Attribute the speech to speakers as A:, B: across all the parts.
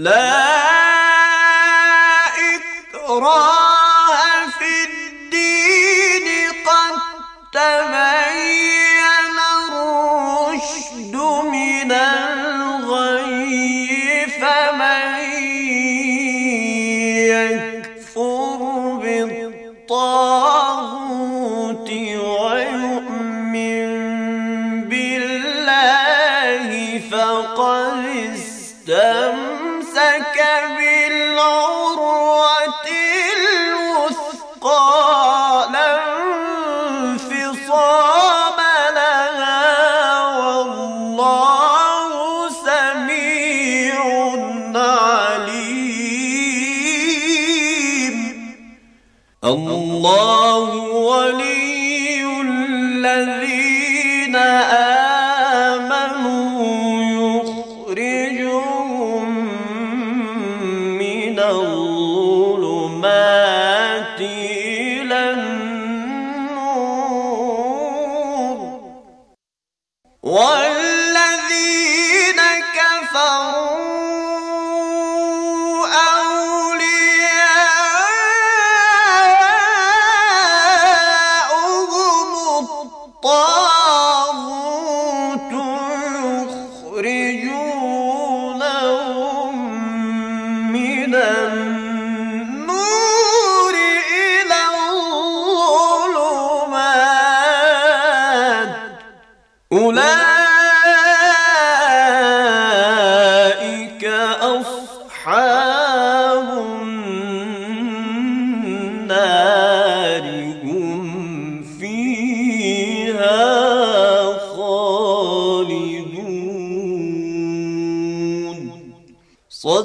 A: لا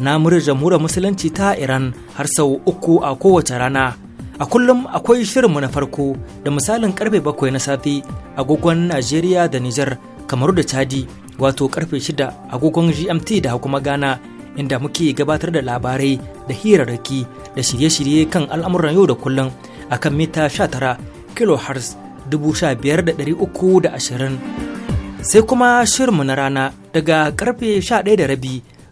B: na murar jamhuriyar musulunci ta Iran har sau uku a kowace rana. A kullum akwai shirinmu na farko da misalin karfe bakwai na safe agogon Najeriya da Nijar kamaru da Chadi wato karfe shida agogon GMT da kuma Ghana inda muke gabatar da labarai da hirarraki da shirye-shirye kan al'amuran yau da kullum akan mita dubu da uku da ashirin sai kuma shirinmu na rana daga karfe sha ɗaya da rabi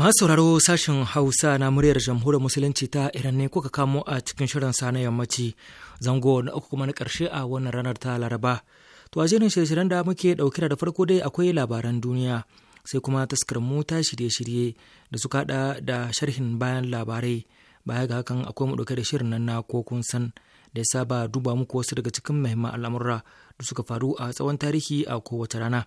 B: Masu sauraro sashen Hausa na muryar jamhuriyar Musulunci ta Iran ne kuka kamo a cikin shirin sa na yammaci zango na uku kuma na karshe a wannan ranar ta Laraba. To a jerin shirye-shiryen da muke ɗauke da farko dai akwai labaran duniya sai kuma taskar mu ta shirye-shirye da suka haɗa da sharhin bayan labarai baya ga hakan akwai mu ɗauke da shirin nan na ko kun san da ya saba duba muku wasu daga cikin muhimman al'amura da suka faru a tsawon tarihi a kowace rana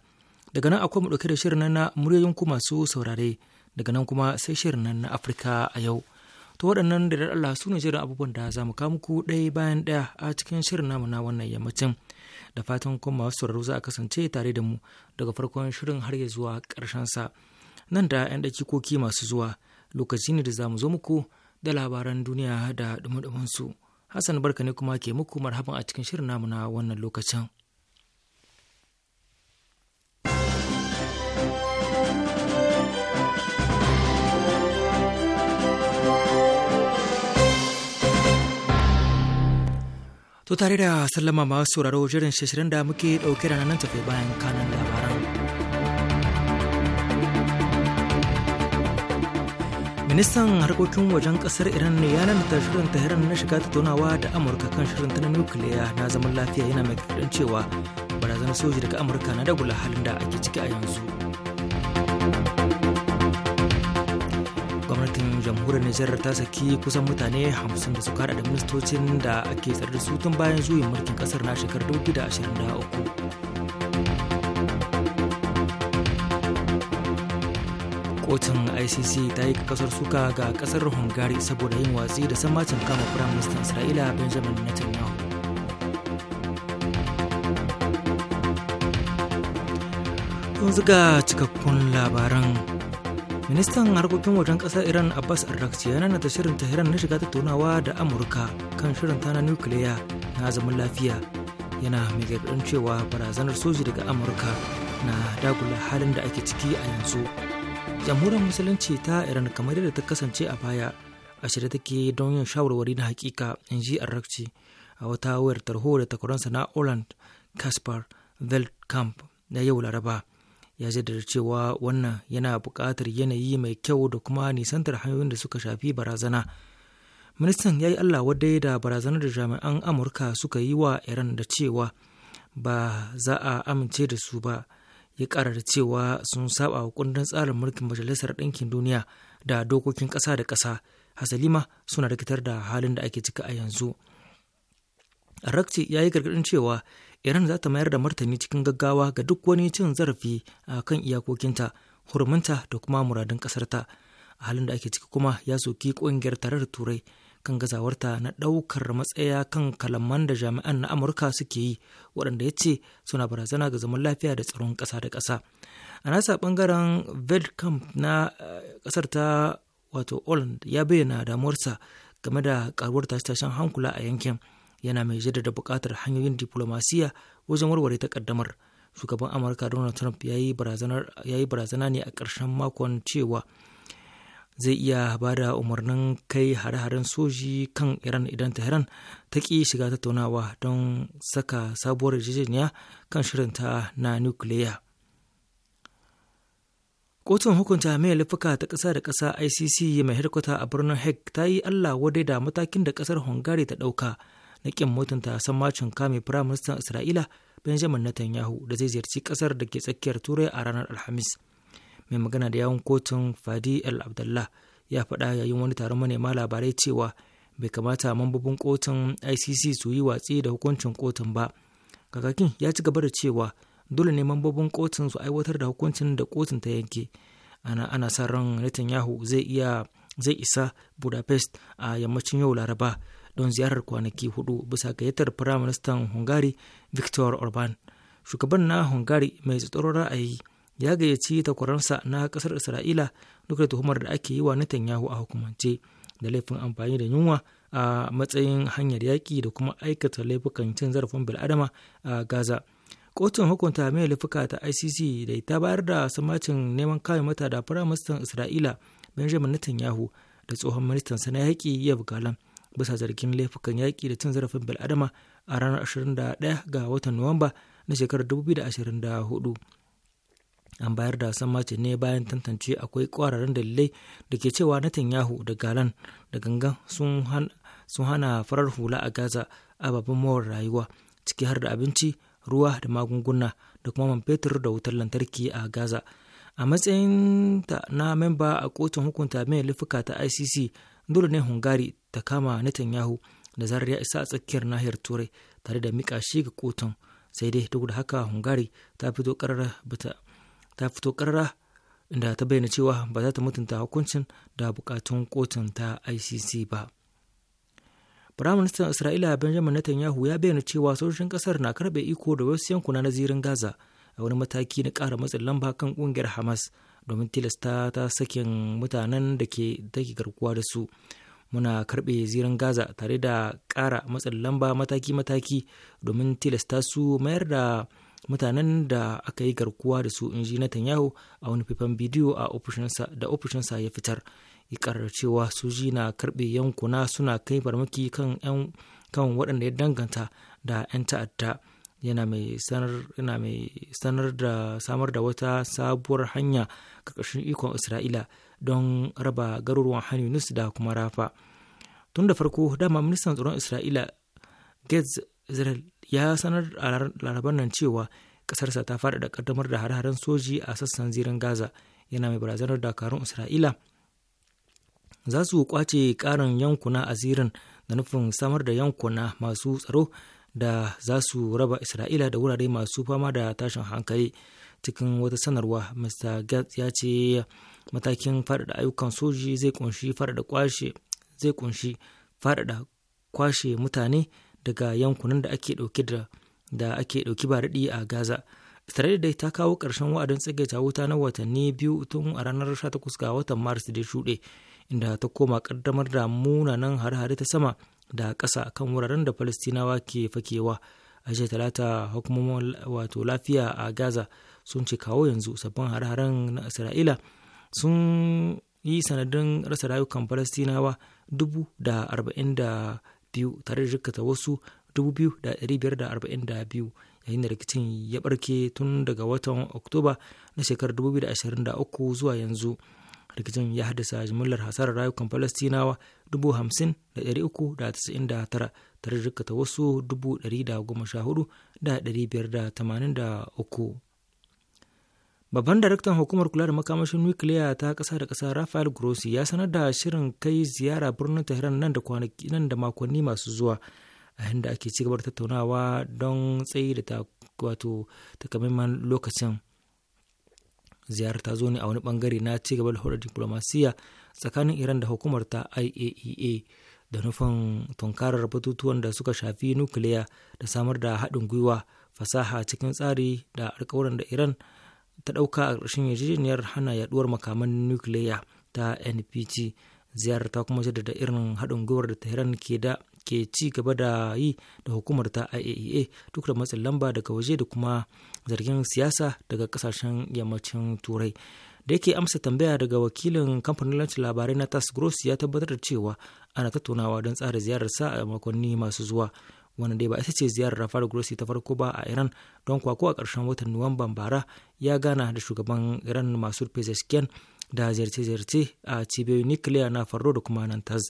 B: daga nan akwai mu ɗauke da shirin nan na muryoyin ku masu saurare daga nan kuma sai shirin nan na afirka a yau to waɗannan da Allah su ne jiran abubuwan da za mu muku ɗaya bayan ɗaya a cikin shirin namu na wannan yammacin da fatan kuma masu sauraro za a kasance tare da mu daga farkon shirin har ya zuwa ƙarshen sa nan da 'yan dakikoki masu zuwa lokaci ne da za mu zo muku da labaran duniya da dumudumin su Hassan barka ne kuma ke muku marhaban a cikin shirin namu na wannan lokacin. To tare da sallama masu sauraro jirin shirin da muke ɗauke da nan tafe bayan kanan labaran. Ministan harkokin wajen kasar Iran ne ya ta shirin Tehran na shiga tattaunawa da Amurka kan shirin ta na nukiliya na zaman lafiya yana mai cewa barazanar soji daga Amurka na dagula halin da ake ciki a yanzu. jamhuriyar Nijar ta saki kusan mutane 50 da suka da ministocin da ake tsare su tun bayan zuwa mulkin kasar na shekarar 2023. Kotun ICC ta yi kasar suka ga kasar Hungary saboda yin watsi da sammacin kama ministan Isra'ila Benjamin Netanyahu. Yanzu ga cikakkun labaran ministan harkokin wajen ƙasar iran abbas arrakci ya nata shirin iran na shiga tattaunawa da amurka kan shirin ta na nukiliya na zaman lafiya yana mai gargaɗin cewa barazanar soji daga amurka na dagula halin da ake ciki a yanzu jamhuriyar musulunci ta iran kamar yadda ta kasance a baya a shirya take don yin shawarwari na hakika in ji arrakci a wata wayar tarho da takwaransa na oland Kaspar Veldkamp na yau Laraba ya jaddada cewa wannan yana buƙatar yanayi mai kyau da kuma nisantar hanyoyin da suka shafi barazana ministan ya yi allah wadai da barazanar da jami'an amurka suka yi wa iran da cewa ba za a amince da su ba ya ƙara da cewa sun saba wa kundin tsarin mulkin majalisar ɗinkin duniya da dokokin ƙasa da ƙasa hasalima suna rikitar da halin da ake cika a yanzu rakci ya yi gargaɗin cewa iran za ta mayar da martani cikin gaggawa ga duk wani cin zarafi a kan iyakokinta hurminta da kuma muradun ƙasarta a halin da ake ciki kuma ya soki ƙungiyar tarar turai kan gazawarta na ɗaukar matsaya kan kalaman da jami'an na amurka suke yi waɗanda ya ce suna barazana ga zaman lafiya da tsaron ƙasa da ƙasa a nasa ɓangaren vedcamp na eh, ƙasar ta wato holland ya bayyana damuwarsa game da karuwar tashe-tashen hankula a yankin yana mai jaddada buƙatar hanyoyin diplomasiya wajen warware takaddamar shugaban amurka donald trump ya yi barazana ne a ƙarshen makon cewa zai iya ba da umarnin kai hare-haren soji kan iran idan tehran ta ƙi shiga tattaunawa don saka sabuwar yarjejeniya kan shirinta na nukiliya kotun hukunta mai laifuka ta ƙasa da ƙasa icc mai harkwata a birnin hague ta yi allah wadai da matakin da ƙasar hungary ta ɗauka na ƙin mutunta sammacin kame firaministan Isra'ila Benjamin Netanyahu da zai ziyarci ƙasar da ke tsakiyar Turai a ranar Alhamis. Mai magana da yawon kotun Fadi El Abdullah ya faɗa yayin wani taron manema labarai cewa bai kamata mambobin kotun ICC su yi watsi da hukuncin kotun ba. Kakakin ya ci gaba da cewa dole ne mambobin kotun su aiwatar da hukuncin da kotun ta yanke. Ana, ana sa ran Netanyahu zai iya zai isa Budapest a yammacin yau Laraba don ziyarar kwanaki hudu bisa gayyatar firaministan hungary victor orban shugaban na hungary mai tsaron ra'ayi ya gayyaci takwaransa na kasar isra'ila duk da tuhumar da ake yi wa netanyahu a hukumance da laifin amfani da yunwa a matsayin hanyar yaƙi da kuma aikata laifukan cin zarafin bil'adama a gaza kotun hukunta mai laifuka ta icc da ta bayar da samacin neman kawai mata da firaministan isra'ila benjamin netanyahu da tsohon ministan sana yaƙi yabgalan galan bisa zargin laifukan yaƙi da cin zarafin bil'adama a ranar 21 ga watan Nuwamba na shekarar 2024. An bayar da sammacin ne bayan tantance akwai ƙwararren dalilai da ke cewa Netanyahu da Galan da gangan sun hana farar hula a Gaza ababen mawar rayuwa ciki har da abinci, ruwa da magunguna da kuma man fetur da wutar lantarki a Gaza. A matsayin ta na memba a kotun hukunta mai laifuka ta ICC dole ne hungary ta kama netanyahu da zarar ya isa a tsakiyar nahiyar turai tare da mika shi ga kotun sai dai duk da haka hungary ta fito karara ta inda ta bayyana cewa ba za ta mutunta hukuncin da bukatun kotun ta icc ba Firaministan Isra'ila Benjamin Netanyahu ya bayyana cewa sojojin kasar na karbe iko da wasu yankuna na zirin Gaza a wani mataki na kara matsin lamba kan kungiyar Hamas domin tilasta ta sakin mutanen da ke garkuwa da su muna karbe ziran gaza tare da kara matsin lamba mataki-mataki domin tilasta su mayar da mutanen da aka yi garkuwa da su inji Netanyahu a wani fifan bidiyo a da ofishinsa ya fitar ikarar cewa soji na karbe yankuna suna kai farmaki kan waɗanda ya danganta da 'yan ta'adda yana mai sanar yana mai sanar da samar da wata sabuwar hanya ƙarƙashin ikon isra'ila don raba garuruwan hanyunis da kuma rafa tun da farko dama ministan tsaron isra'ila gates israel ya sanar a laraban nan cewa ƙasarsa ta da ƙaddamar da hare soji a sassan zirin gaza yana mai barazanar dakarun isra'ila za su kwace ƙarin yankuna a zirin da nufin samar da yankuna masu tsaro da za su raba isra'ila da wurare masu fama da tashin hankali cikin wata sanarwa mr gates ya ce matakin faɗaɗa ayyukan soji zai kunshi faɗaɗa kwashe zai kunshi faɗaɗa kwashe mutane daga yankunan da ake ɗauki da da ake ɗauki ba daɗi a gaza isra'ila dai ta kawo ƙarshen wa'adin tsagaita wuta na watanni biyu tun a ranar 18 ga watan maris da shuɗe inda ta koma ƙaddamar da munanan hare-hare ta sama da ƙasa kan wuraren da falistinawa ke fakewa a jiya talata hukumomin wato lafiya a gaza sun ce kawo yanzu sabbin har haren na isra'ila sun yi sanadin rasa rayukan falistinawa dubu da arba'in da biyu tare da jikata wasu dubu biyu da ɗari biyar da arba'in da biyu yayin da rikicin ya barke tun daga watan oktoba na shekarar dubu biyu da ashirin da uku zuwa yanzu rikicin ya haddasa jimillar hasarar rayukan falastinawa 50,399 tare da rikata wasu 114,583 babban daraktan hukumar kula da makamashin nukiliya ta kasa da kasa rafael grossi ya sanar da shirin kai ziyara birnin tehran nan da kwanaki nan da makonni masu zuwa a inda ake ci tattaunawa don tsayi da ta wato takamaiman lokacin ziyarar ta zo ne a wani bangare na cigaba gaba da hulɗar diplomasiya tsakanin iran da hukumar ta iaea e da nufin tunkarar batutuwan da suka shafi nukiliya da samar da haɗin gwiwa fasaha cikin tsari da alkawuran da iran ta ɗauka a ƙarshen yarjejeniyar hana yaduwar makaman nukiliya ta npt ziyarar ta kuma jaddada irin haɗin gwiwar da tehran ke da ke ci gaba da yi da hukumar ta IAEA e duk da matsin lamba daga waje da kuma zargin siyasa daga kasashen yammacin turai da yake amsa tambaya daga wakilin kamfanin lancin labarai na tas gross ya tabbatar da cewa ana tattaunawa don tsara ziyarar sa a makonni masu zuwa wannan dai ba ita ce ziyarar rafar Grossi ta farko ba a Iran don kwako a ƙarshen watan Nuwamban bara ya gana da shugaban Iran masu Pezeshkian da ziyarce-ziyarce a cibiyoyin nuclear na Farro da kuma nan tas.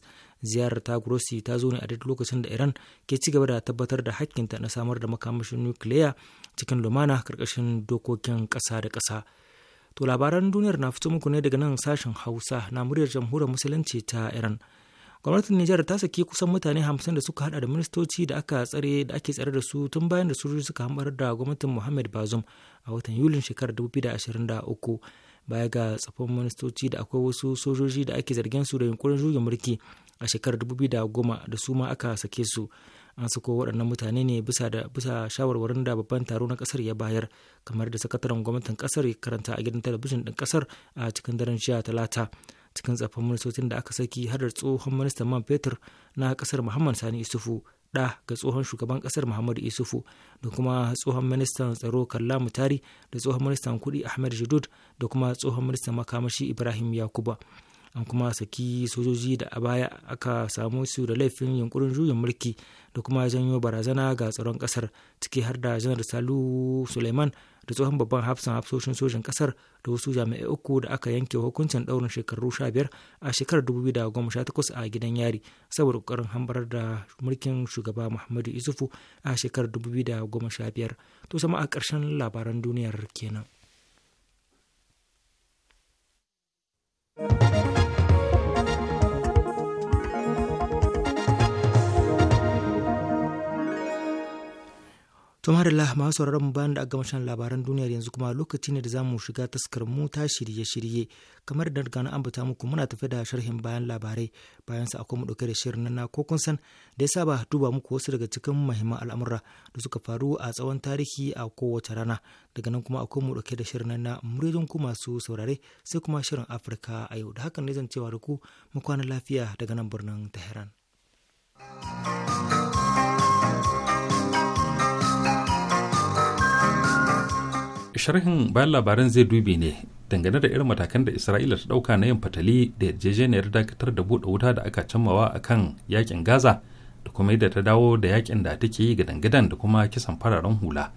B: ziyarar ta grossi ta zo ne a duk lokacin da iran ke ci gaba da tabbatar da hakkinta na samar da makamashin nukiliya cikin lumana karkashin dokokin ƙasa da ƙasa to labaran duniyar na fito muku ne daga nan sashen hausa na muryar jamhuriyar musulunci ta iran gwamnatin Nijar ta saki kusan mutane 50 da suka hada da ministoci da aka tsare da ake tsare da su tun bayan da sojoji suka hambar da gwamnatin Muhammad bazum a watan Yulin shekarar 2023 baya ga tsafin ministoci da akwai wasu sojoji da ake zargin su da yunkurin juya mulki a shekarar 2010 da su ma aka sake su an sako waɗannan mutane ne bisa da bisa shawarwarin da babban taro na ƙasar ya bayar kamar da sakataren gwamnatin ƙasar ya karanta a gidan talabijin ɗin ƙasar a cikin daren jiya talata cikin tsafin ministocin da aka saki har da tsohon ministan man fetur na ƙasar muhammad sani isufu ɗa ga tsohon shugaban ƙasar muhammadu isufu da kuma tsohon ministan tsaro kalla mutari da tsohon ministan kuɗi ahmed jadud da kuma tsohon ministan makamashi ibrahim yakuba an kuma saki sojoji da a baya aka samu su da laifin yunkurin juyin mulki da kuma janyo barazana ga tsaron kasar ciki har da janar salu suleiman da tsohon babban hafsan hafsoshin sojin kasar da wasu jami'ai uku da aka yanke hukuncin daurin shekaru biyar a shekarar dubu da takwas a gidan yari saboda kokarin hambarar da mulkin shugaba muhammadu isufu a shekarar dubu da biyar to sama a ƙarshen labaran duniyar kenan. To madalla masu sauraron mu bayan da aka shan labaran duniyar yanzu kuma lokaci ne da za mu shiga taskar mu ta shirye-shirye kamar da gano an bata muku muna tafi da sharhin bayan labarai bayan sa akwai mu dauke da shirin na ko kun san da ya saba duba muku wasu daga cikin muhimman al'amura da suka faru a tsawon tarihi a kowace rana daga nan kuma akwai mu dauke da shirin na muridin ku masu saurare sai kuma shirin Afirka a yau da hakan ne zan cewa da ku mu kwana lafiya daga nan birnin Tehran. thank you
C: sharhin bayan labaran zai dubi ne dangane da irin matakan da isra'ila ta dauka na yin fatali da yarjejeniyar dakatar da buɗe wuta da aka cammawa a kan yakin gaza da kuma yadda ta dawo da yakin da take yi ga dangadan da kuma kisan fararen hula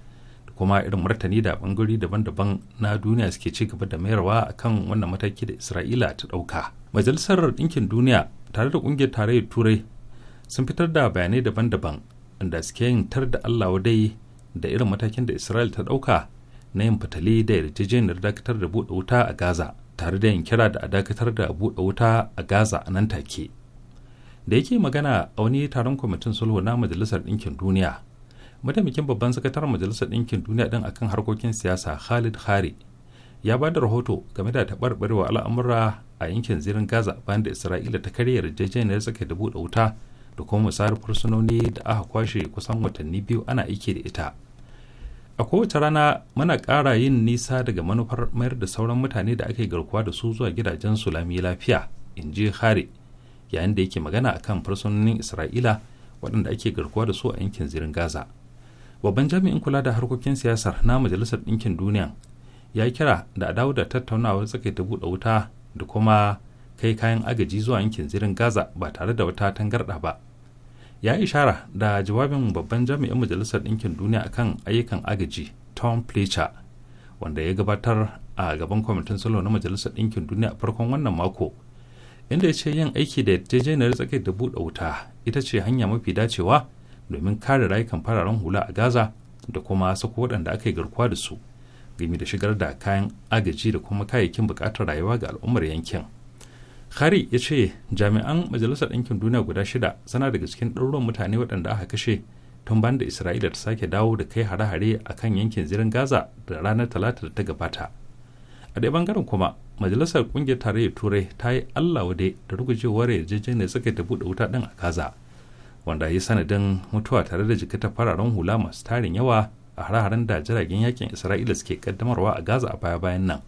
C: da kuma irin martani da bangare daban-daban na duniya suke ci gaba da mayarwa a kan wannan mataki da isra'ila ta dauka majalisar ɗinkin duniya tare da ƙungiyar tarayyar turai sun fitar da bayanai daban-daban inda suke yin tar da allah dai da irin matakin da isra'ila ta dauka na yin fitali da yarjejeniyar dakatar da buɗe wuta a gaza tare da yin kira da a dakatar da buɗe wuta a gaza a nan take da yake magana a wani taron kwamitin sulhu na majalisar ɗinkin duniya mataimakin babban sakataren majalisar ɗinkin duniya ɗin akan harkokin siyasa khalid Hari ya ba da rahoto game da taɓarɓarewa al'amura a yankin zirin gaza bayan da isra'ila ta karya yarjejeniyar tsaka da buɗe wuta da kuma musayar fursunoni da aka kwashe kusan watanni biyu ana aiki da ita a kowace rana muna kara yin nisa daga manufar mayar da sauran mutane da ake garkuwa da su zuwa gidajen sulami lafiya in ji hari yayin da yake magana akan fursunonin isra'ila waɗanda ake garkuwa da su a yankin zirin gaza babban jami'in kula da harkokin siyasar na majalisar ɗinkin duniya ya kira da a da tattaunawar tsakai ta buɗe wuta da kuma kai kayan agaji zuwa yankin zirin gaza ba tare da wata tangarɗa ba ya ishara da jawabin babban jami'in majalisar ɗinkin duniya a kan ayyukan agaji tom fletcher wanda ya gabatar a gaban kwamitin salo na majalisar ɗinkin duniya a farkon wannan mako inda ya ce yin aiki da yarjejeniyar tsakiyar da buɗe wuta ita ce hanya mafi dacewa domin kare rayukan fararen hula a gaza da kuma sako waɗanda aka yi garkuwa da su game da shigar da kayan agaji da kuma kayayyakin buƙatar rayuwa ga al'ummar yankin Khari ya ce jami'an Majalisar Ɗinkin Duniya guda shida suna daga cikin ɗaruruwan mutane waɗanda aka kashe tun ban da Isra'ila ta sake dawo da kai hare-hare a kan yankin zirin Gaza da ranar Talata da ta gabata. A ɗaya bangaren kuma, Majalisar Ƙungiyar Tarayyar Turai ta yi Allah wade da rugujewar yarjejeniyar suka ta buɗe wuta ɗin a Gaza, wanda ya sanadin mutuwa tare da jikita fararen hula masu tarin yawa a hare-haren da jiragen yakin Isra'ila suke kaddamarwa a Gaza a baya-bayan nan.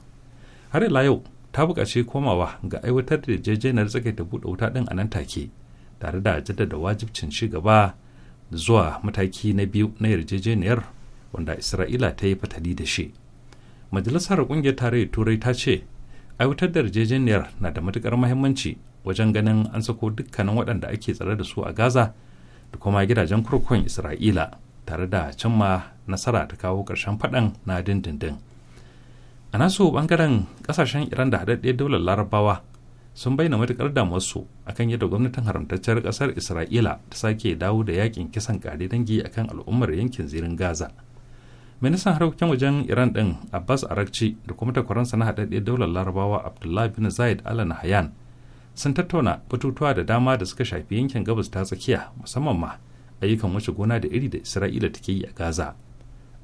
C: Har ila yau, ta buƙaci komawa ga aiwatar da yarjejeniyar ta buɗe wuta ɗin a nan take tare da jaddada wajibcin ci gaba zuwa mataki na biyu na yarjejeniyar wanda isra'ila ta yi fatali da shi majalisar ƙungiyar tarayyar turai ta ce aiwatar da yarjejeniyar na da matuƙar mahimmanci wajen ganin an sako dukkanin waɗanda ake tsare da su a gaza da kuma gidajen kurkukun isra'ila tare da cimma nasara ta kawo ƙarshen faɗan na dindindin a nasu bangaren kasashen iran da haɗaɗɗiyar daular larabawa sun bayyana matuƙar damuwarsu akan yadda gwamnatin haramtacciyar ƙasar isra'ila ta sake dawo da yakin kisan kare dangi akan al'ummar yankin zirin gaza ministan harkokin wajen iran ɗin abbas arakci da kuma takwaransa na haɗaɗɗiyar daular larabawa abdullahi bin zayed al nahyan sun tattauna batutuwa da dama da suka shafi yankin gabas ta tsakiya musamman ma ayyukan wace gona da iri da isra'ila take yi a gaza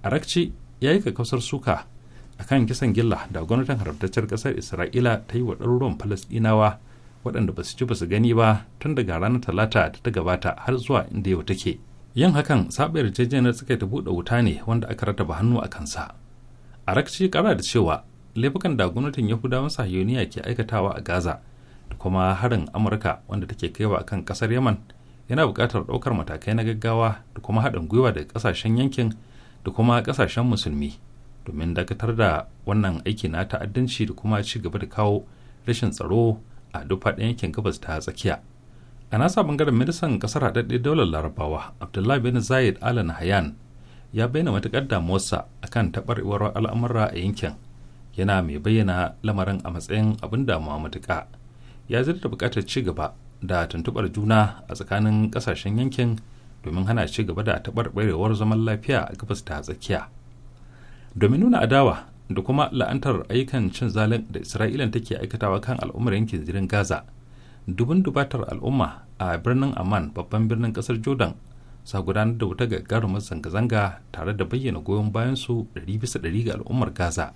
C: arakci ya yi kakkausar suka akan kisan gilla da gwamnatin haramtaccen ƙasar isra'ila ta yi wa ɗaruruwan falasɗinawa waɗanda ba su ci ba su gani ba tun daga ranar talata da ta gabata har zuwa inda yau take yin hakan saɓa yarjejeniyar suka ta buɗe wuta ne wanda aka rataba hannu a kansa a rakci ƙara da cewa laifukan da gwamnatin yahudawan sahiyoniya ke aikatawa a gaza da kuma harin amurka wanda take kaiwa akan ƙasar yaman yana buƙatar ɗaukar matakai na gaggawa da kuma haɗin gwiwa daga ƙasashen yankin da kuma ƙasashen musulmi domin dakatar da wannan aiki na ta'addanci da kuma ci gaba da kawo rashin tsaro a duk faɗin yankin gabas ta tsakiya a nasa bangaren ministan kasar haɗaɗɗe daular larabawa abdullahi bin zayed alan hayan ya bayyana matuƙar damuwarsa akan taɓarɓarewar al'amura a yankin yana mai bayyana lamarin a matsayin abin damuwa matuƙa ya da buƙatar ci gaba da tuntuɓar juna a tsakanin ƙasashen yankin domin hana ci gaba da taɓarɓarewar zaman lafiya a gabas ta tsakiya domin nuna adawa da kuma la'antar ayyukan cin zalin da isra'ilan take aikatawa kan al'ummar yankin zirin gaza dubin dubatar al'umma a birnin amman babban birnin kasar jordan sa gudanar da wuta gagarumar zanga-zanga tare da bayyana goyon bayan su 100% ga al'ummar gaza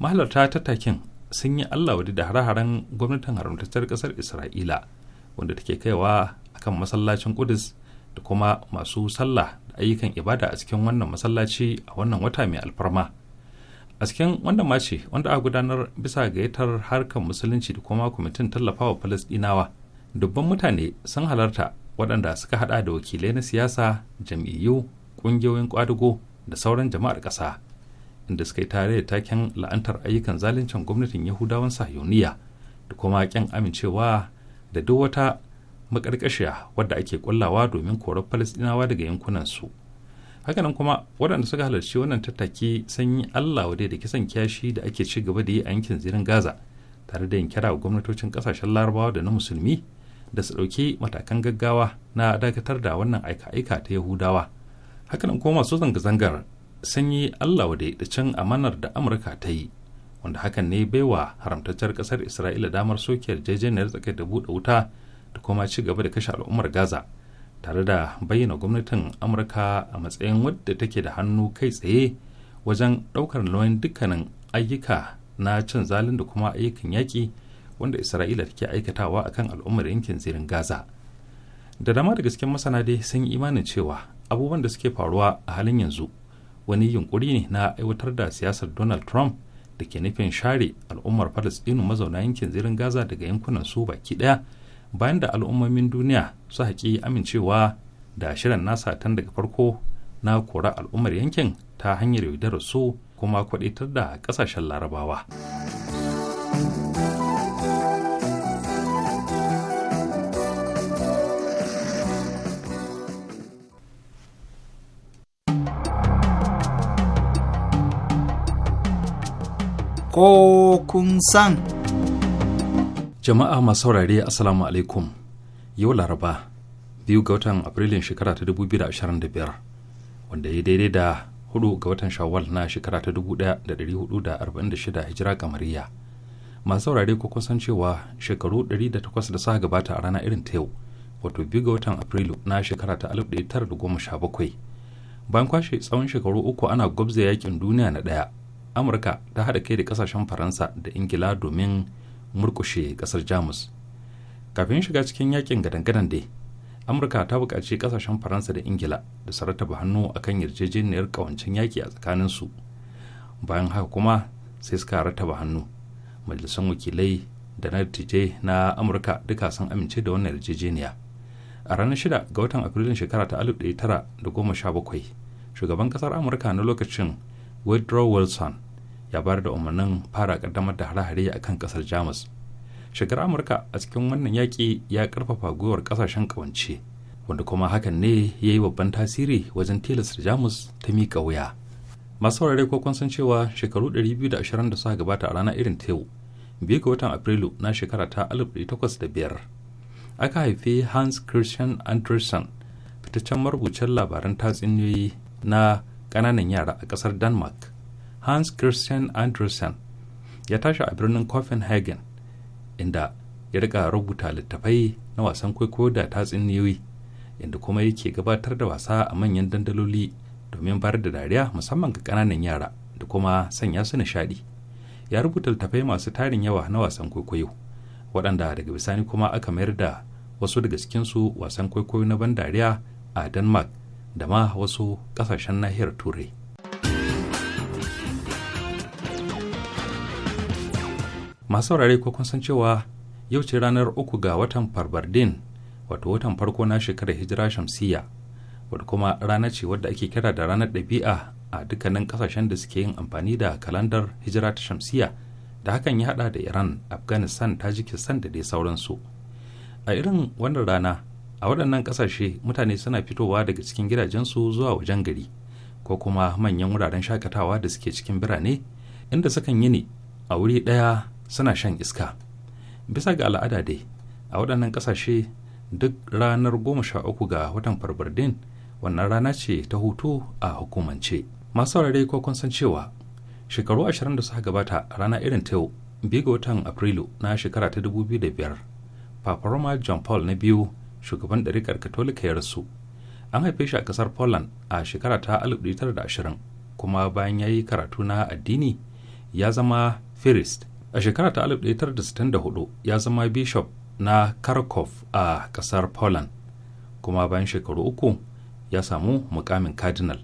C: mahalarta ta takin sun yi allah wadi da hare-haren gwamnatin haramtattar kasar isra'ila wanda take kaiwa akan masallacin kudus da kuma masu sallah ayyukan ibada a cikin wannan masallaci a wannan wata mai alfarma a cikin wannan mace wanda aka gudanar bisa gayyatar harkar musulunci da kuma kwamitin tallafawa falasdinawa dubban mutane sun halarta waɗanda suka haɗa da wakilai na siyasa jam'iyyu ƙungiyoyin ƙwadago da sauran jama'ar ƙasa inda suka yi tare da taken la'antar ayyukan zaluncin gwamnatin yahudawan sahiyoniya da kuma ƙin amincewa da duk wata makarkashiya wadda ake kullawa domin korar falasɗinawa daga yankunansu hakanan kuma waɗanda suka halarci wannan tattaki sun yi allah wadai da kisan kyashi da ake ci gaba da yi a yankin zirin gaza tare da yin kira ga gwamnatocin ƙasashen larabawa da na musulmi da su ɗauki matakan gaggawa na dakatar da wannan aika-aika ta yahudawa hakanan kuma masu zanga-zangar sun yi allah wadai da cin amanar da amurka ta yi wanda hakan ne baiwa haramtacciyar kasar isra'ila damar soke yarjejeniyar tsakar da buɗe wuta da kuma ci gaba da kashe al'ummar gaza tare da bayyana gwamnatin amurka a matsayin wadda take da hannu kai tsaye wajen ɗaukar nauyin dukkanin ayyuka na cin zalin da kuma ayyukan yaƙi wanda isra'ila take aikatawa akan al'ummar yankin zirin gaza da dama da gaske masana dai sun yi imanin cewa abubuwan da suke faruwa a halin yanzu wani yunkuri ne na aiwatar da siyasar donald trump da ke nufin share al'ummar palestinu mazauna yankin zirin gaza daga yankunan su baki ɗaya. bayan da al'ummomin duniya su haƙi amincewa da shirin nasa tun daga farko na kora al'ummar yankin ta hanyar yaudarar su kuma kwadatar da ƙasashen larabawa. Ko kun san. jama'a masu saurare assalamu alaikum yau laraba biyu ga watan afrilun shekara ta 2025 wanda ya daidai da hudu ga watan shawwal na shekara ta 1446 hijira kamariya masu saurare ko san cewa shekaru 108 da suka gabata a rana irin ta yau wato biyu ga watan afrilu na shekara ta 1917 bayan kwashe tsawon shekaru uku ana gwabza yakin duniya na ɗaya. amurka ta haɗa kai da kasashen faransa da ingila domin murkushe kasar jamus kafin shiga cikin yakin gadan gadan dai amurka ta buƙaci ƙasashen faransa da ingila da su rataba hannu a kan yarjejeniyar ƙawancin yaki a tsakaninsu bayan haka kuma sai suka rataba hannu majalisar wakilai da na na amurka duka sun amince da wannan yarjejeniya a ranar shida ga watan afrilun shekara ta da goma sha bakwai shugaban kasar amurka na lokacin woodrow wilson ya bayar da umarnin fara kaddamar da hare-hare a kan kasar jamus shigar amurka a cikin wannan yaƙi ya karfafa gwiwar kasashen kawance wanda kuma hakan ne ya yi babban tasiri wajen tilasta jamus ta miƙa wuya masu saurare ko kun san cewa shekaru 220 da suka gabata a rana irin ta yau biyu ga watan afrilu na shekara ta 1805 aka haifi hans christian andersen fitaccen marubucin labaran tatsuniyoyi na ƙananan yara a ƙasar denmark hans christian andersen ya tashi a birnin copenhagen inda ya rika rubuta littafai na wasan kwaikwayo da tatsuniyoyi inda kuma yake gabatar da wasa a manyan dandaloli domin bar da dariya musamman ga kananan yara da kuma sanya su nishadi ya rubuta littafai masu tarin yawa na wasan kwaikwayo waɗanda daga bisani kuma aka mayar da wasu daga cikinsu wasan kwaikwayo na ban dariya a denmark da ma wasu ƙasashen nahiyar turai masu saurare ko kun san cewa yau ce ranar uku ga watan farbardin wato watan farko na shekarar hijira shamsiyya wato kuma rana ce wadda ake kira da ranar ɗabi'a a dukkanin kasashen da suke yin amfani da kalandar hijira ta shamsiyya da hakan ya haɗa da iran afghanistan tajikistan da dai sauransu a irin wannan rana a waɗannan ƙasashe mutane suna fitowa daga cikin gidajensu zuwa wajen gari ko kuma manyan wuraren shakatawa da suke cikin birane inda sukan yi ne a wuri ɗaya suna shan iska bisa ga al'ada dai a waɗannan ƙasashe duk ranar goma sha uku ga watan farbardin wannan rana ce ta hutu a hukumance masu rarrai ko kun san cewa shekaru ashirin da suka gabata rana irin ta yau biyu ga watan afrilu na shekara ta dubu biyu da biyar papa roma john paul na biyu shugaban ɗarikar katolika ya rasu an haife shi a ƙasar poland a shekara ta ashirin kuma bayan ya yi karatu na addini ya zama firist a shekara ta 1964 ya zama bishop na kharkov a kasar poland kuma bayan shekaru uku ya samu mukamin cardinal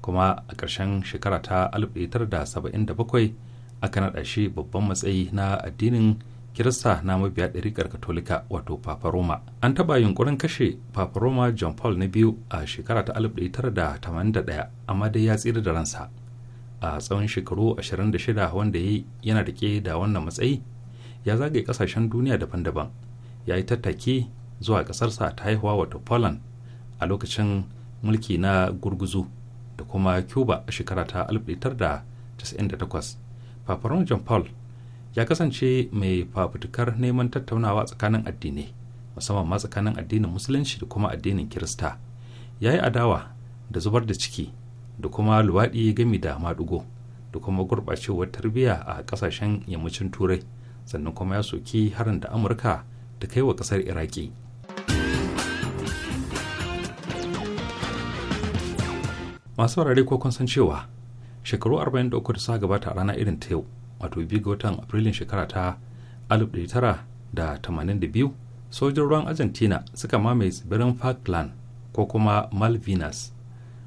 C: kuma a ƙarshen shekara ta 1977 aka naɗa shi babban matsayi na addinin kirista na mabiya ɗari katolika wato papa roma an taɓa yunkurin kashe papa roma john paul na biyu a shekara ta 1981 amma dai ya tsira da ransa a tsawon shekaru 26 wanda ya yana rike da wannan matsayi ya zagaye kasashen duniya daban-daban ya yi tattake zuwa kasarsa ta haihuwa wato poland a lokacin mulki na gurguzu da kuma cuba a shekara ta 1998 paparon john paul ya kasance mai fafutukar neman tattaunawa tsakanin addinai musamman ma tsakanin addinin musulunci da kuma addinin kirista ya yi adawa da zubar da ciki da kuma luwaɗi gami da maɗugo da kuma gurɓacewar tarbiyya a ƙasashen yammacin turai sannan kuma ya soki harin da amurka ta kai wa ƙasar iraki masu wurare ko kun san cewa shekaru 43 da suka gabata a rana irin ta yau wato biyu ga watan afrilun shekara ta 1982 sojin ruwan argentina suka mamaye tsibirin falkland ko kuma malvinas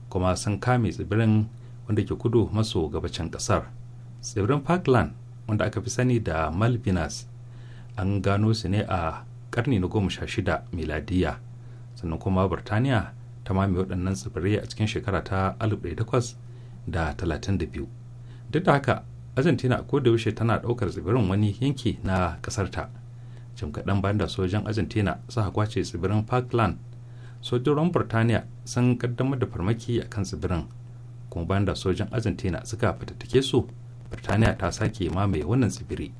C: kuma sun kame tsibirin wanda ke kudu maso gabacin kasar tsibirin parkland wanda aka fi sani da malvinas an gano su ne a karni na goma sha shida miladiya sannan kuma birtaniya ta mame waɗannan tsibirai a cikin shekara ta 1832 duk da haka argentina a da yaushe tana ɗaukar tsibirin wani yanki na ƙasarta jim kaɗan bayan da sojan argentina suka kwace tsibirin parkland sojojin burtaniya sun kaddamar da farmaki a kan tsibirin kuma bayan da sojin argentina suka fatattake su burtaniya ta sake mamaye wannan tsibiri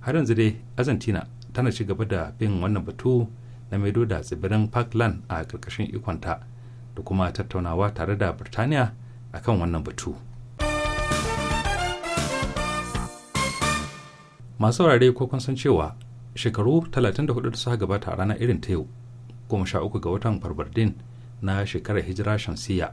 C: har yanzu dai argentina tana ci gaba da bin wannan batu na maido da tsibirin parkland a karkashin ikonta da kuma tattaunawa tare da burtaniya akan wannan batu masu wurare ko kun san cewa shekaru 34 da suka gabata a ranar irin ta yau goma sha uku ga watan farbardin na shekarar hijira shamsiya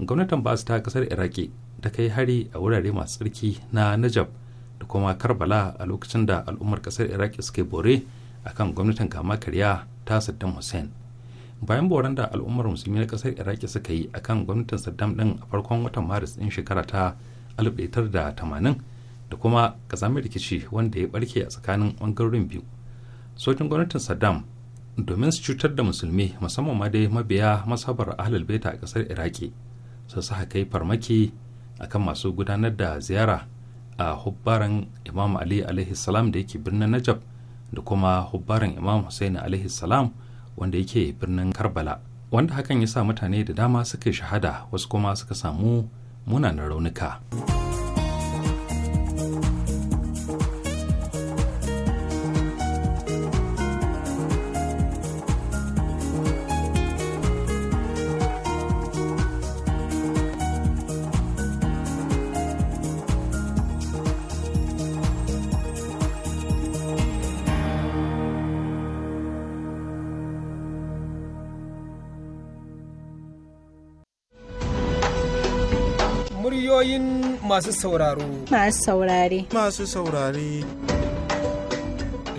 C: gwamnatin basu ta kasar iraki ta kai hari a wurare masu tsarki na najab da kuma karbala a lokacin da al'ummar kasar iraki suke bore akan gwamnatin kama karya ta saddam hussein bayan boran da al'ummar musulmi na kasar iraki suka yi akan gwamnatin saddam din a farkon watan maris din shekara ta 1980 da kuma kazamin rikici wanda ya barke a tsakanin bangarorin biyu sojin gwamnatin saddam domin su cutar da musulmi musamman ma dai mabiya masabar ahlul baita a kasar iraki su sa kai farmaki akan masu gudanar da ziyara a hubbaran imam ali alaihi salam da yake birnin najab da kuma hubbaran imam husaini alaihi salam wanda yake birnin karbala wanda hakan ya sa mutane da dama suka shahada wasu kuma suka samu munanan raunuka.
B: masu sauraro.
D: Masu saurare. Masu saurare.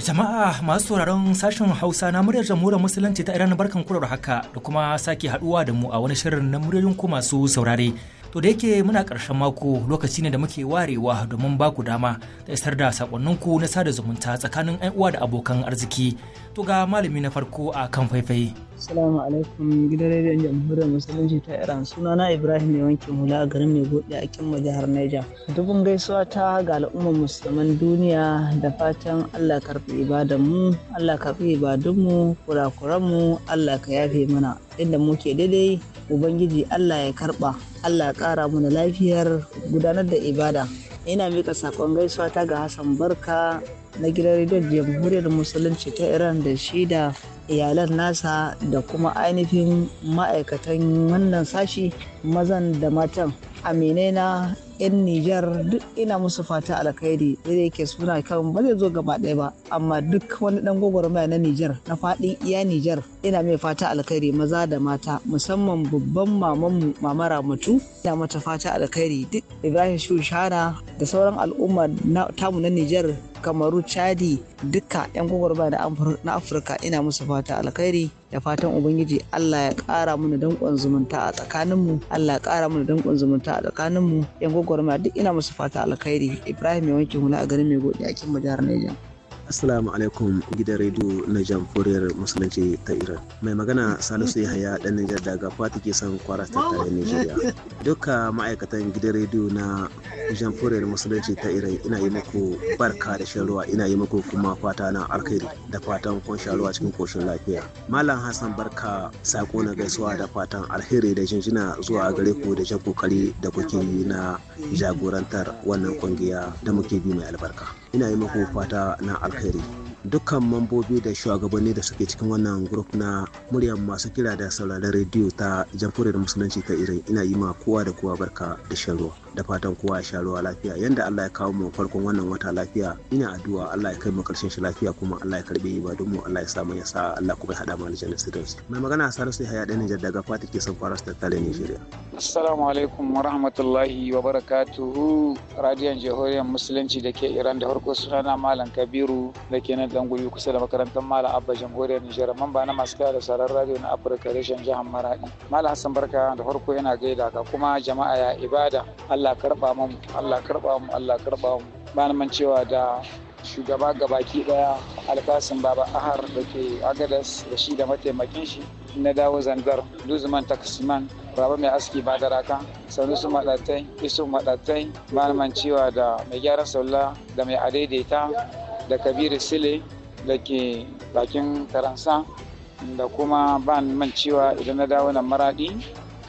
B: Jama'a masu sauraron sashen Hausa na muryar jamhuriyar Musulunci ta Iran barkan da haka da kuma sake haduwa da mu a wani shirin na muryoyin ku masu saurare. to da yake muna karshen mako lokaci ne da muke warewa domin baku dama da isar da sakonninku na sada zumunta tsakanin 'yan uwa da abokan arziki to ga malami na farko a kan faifai
D: Assalamu alaikum gidan rediyon jamhuriyar musulunci ta Iran sunana Ibrahim ya wanke hula a garin mai buɗe a kimma jihar Niger. Dubun gaisuwa ta ga al'ummar musulman duniya da fatan Allah karfi mu Allah karfi ibadunmu, kurakuranmu, Allah ka yafe mana. inda muke daidai ubangiji allah ya karba allah ya kara mana lafiyar gudanar da ibada ina mika sakon gaisuwa ta ga hassan barka na gidan rediyon jamhuriyar musulunci ta iran da shida. iyalan nasa da kuma ainihin ma'aikatan wannan sashi mazan da matan aminai na 'yan Nijar duk ina musu fata alkhairi da yake suna kan ba zai zo gaba ɗaya ba amma duk wani dan gwagwarmaya na Nijar na faɗin iya Nijar ina mai fata alkhairi maza da mata musamman babban mamanmu mama Ramatu ina mata fata alkhairi duk Ibrahim Shushana da sauran al'umma tamu na Nijar kamaru chadi duka 'yan gwagwarba na afirka ina musu fata alkhairi da fatan ubangiji allah ya kara mana danƙon zumunta a tsakaninmu allah ya kara mana danƙon zumunta a tsakaninmu yan gwagwarba duk ina musu fata alkhairi ibrahim ya wanke hula a garin mai a kimba jihar niger
E: Assalamu alaikum gidan rediyo na jamhuriyar musulunci ta Iran. Mai magana Salisu Yahaya dan Nijar daga Fati ke san kwara ta tare Nijeriya. Duka ma'aikatan gidan rediyo na jamhuriyar musulunci ta Iran ina yi muku barka da shan ruwa ina yi muku kuma fata na alkhairi da fatan kun sha ruwa cikin koshin lafiya. Malam Hassan barka sako na gaisuwa da fatan alheri da jinjina zuwa gare ku da jan kokari da kuke yi na jagorantar wannan kungiya da muke bi mai albarka. Ina yi muku fata na alkhairi alheri dukkan mambobi da shugabanni da suke cikin wannan grup na muryar masu kira da sauraron rediyo ta jamhuriyar musulunci ta irin ina yi ma kowa da kowa barka da shan ruwa da fatan kowa ya sha ruwa lafiya yanda Allah ya kawo mu farkon wannan wata lafiya ina addu'a Allah ya kai mu karshen shi lafiya kuma Allah ya karbe ibadun mu Allah ya sa mu ya sa Allah kuma ya hada mu aljanna sirrinsa mai magana Salisu haya yaɗa Nijar daga Fati ke son fara da tare Nijeriya
F: Assalamu alaikum wa rahmatullahi wa barakatuhu radiyon Jihohiyar musulunci da ke Iran da farko na Malam Kabiru da ke nan kusa da makarantar Malam Abba jamhuriyar Nijar mamba na masu da sarar radiyo na Afirka reshen jihar Maradi Malam Hassan Barka da farko yana gaida ka kuma jama'a ya ibada Allah karba mu Allah karba mu Allah karba mu bani man cewa da shugaba gabaki daya alkasin baba ahar da ke agadas da shi da mataimakin shi na dawo zanzar, luzman takasiman rabu mai aski ba da raka sanu su maɗatai isu maɗatai malaman cewa da mai gyara saula da mai adaidaita da kabiru sile da ke bakin karansa da kuma ban man cewa idan na dawo nan maradi